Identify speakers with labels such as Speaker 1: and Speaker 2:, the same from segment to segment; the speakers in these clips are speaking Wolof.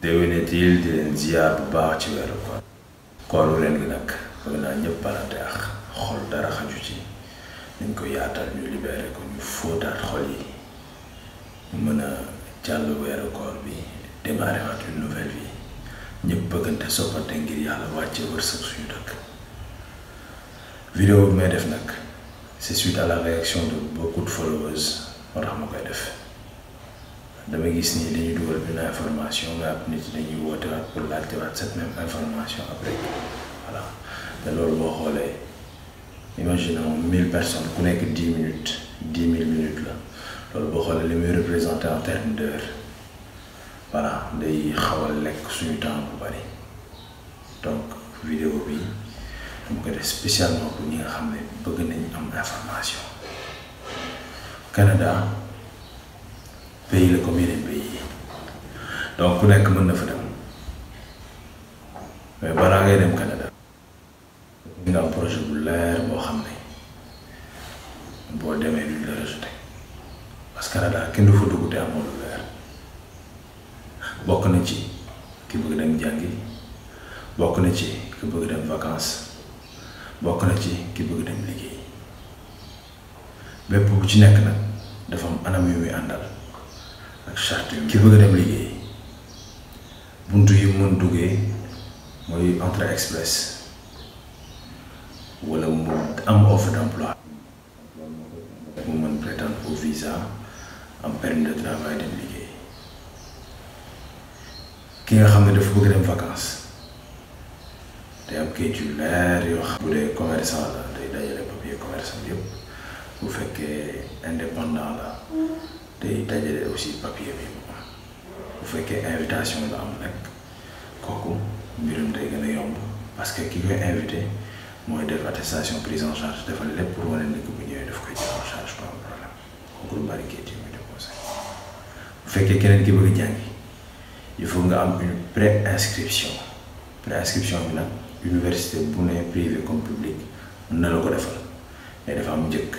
Speaker 1: déwénetil di leen ziar bu baax ci weeru koor kooru ren gi nag bëgg naa ñëpp balante ak xol dara xaju ci nañ ko yaatal ñu libéré ko ñu fóotaat xol yi ñu mën a jàll weeru bi démarré waat une nouvelle vie ñëpp bëggante soppante ngir yàlla wàcce wërsëg suñu dëkk vidéo bi may def nag c'est suite à la réaction de beaucoup followers moo tax ma koy def dama gis nii dañu dugal benn information nga ab nit dañuy woote waat pour laajte waat cette même information après voilà te loolu boo xoolee imaginons mille personnes ku nekk dix minutes dix mille minutes la loolu boo xoolee li muy représenté en terme d'heure voilà day xaw a lekk suñu temps bu bari donc vidéo bi dama ko def spécialement pour ñi nga xam ne bëgg nañ am information Canada pays la comme yeneen pays donc ku nekk mën na fa dem mais balaa ngay dem Canada di nga am projet bu leer boo xam ne boo demee duñ la rejeté parce que Canada kenn fa dugg te amoo lu leer bokk na ci ki bëgg dem jàngi bokk na ci ki bëgg dem vacances bokk na ci ki bëgg dem liggéey bépp bu ci nekk nag dafa am anam yu muy àndal ak charte yi ki bëgg a dem liggéey buntu yi mën duggee mooy entrée express wala mu am offre d'emploi mu mën prétendre au visa am permis de travail dem liggéey ki nga xam ne dafa bëgg dem vacances day am kayit yu yoo xam bu dee commerçant la day dajale papier commerçant yëpp bu fekkee indépendant la day dajale aussi papier bi bu fekkee invitation la am nag kooku mbirum day gën a yomb parce que ki koy invité mooy def attestation prise en charge defal lépp pour wane ni bu ñëwee daf koy jël en bu fekkee keneen ki bëgg jàngi il faut nga am une pré-inscription pré-inscription bi nag université bu ne privé comme public mën na la ko defal mais dafa am njëkk.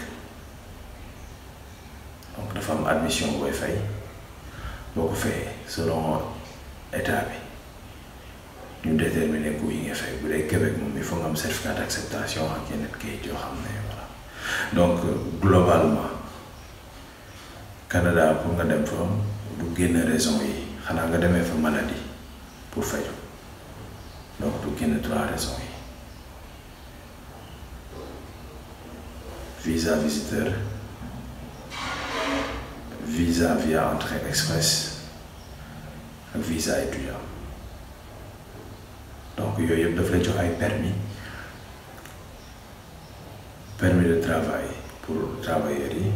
Speaker 1: admission booy fay boo ko fayee selon état bi ñu déterminer coût yi nga fay bu dee Québec moom il faut nga am certificat d' acceptation ak yeneen kayit yoo xam ne voilà donc globalement Canada pour nga dem fa du génn raison yi xanaa nga demee fa maladie pour faju donc du génn trois raisons yi visa visiteur visa via entrée express ak visa étudiant donc yooyu yëpp daf lay jox ay permis permis de travail pour travailleurs yi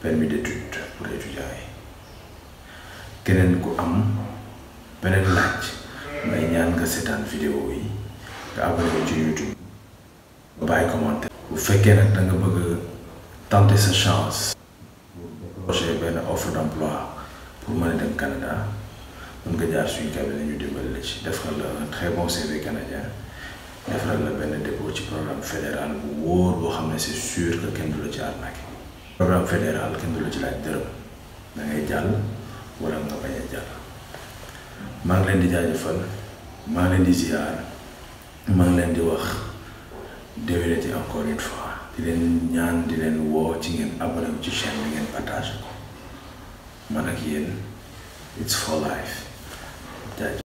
Speaker 1: permis d'étude pour étudiants yi keneen ku am beneen laaj may ñaan nga seetaan vidéo yi nga abonné ci YouTube bàyyi commentaire bu fekkee nag da bëgg tenter sa chance projet benn offre d' emploi pour mën dem Canada mën nga jaar suñu cabinet ñu dimbali la ci defaral la un très bon CV canadien defaral la benn dépôt ci programme fédéral bu wóor boo xam ne c' est sûr que kenn du ci arnaqué. programme fédéral kenn du ci laaj dërëm da jàll wala nga bañ a jàll maa ngi leen di jaajëfal maa ngi leen di ziar maa ngi leen di wax déwénati encore une fois. di leen ñaan di leen woo ci ngeen abonné ci chaîne bi ngeen partagé ko man it's for life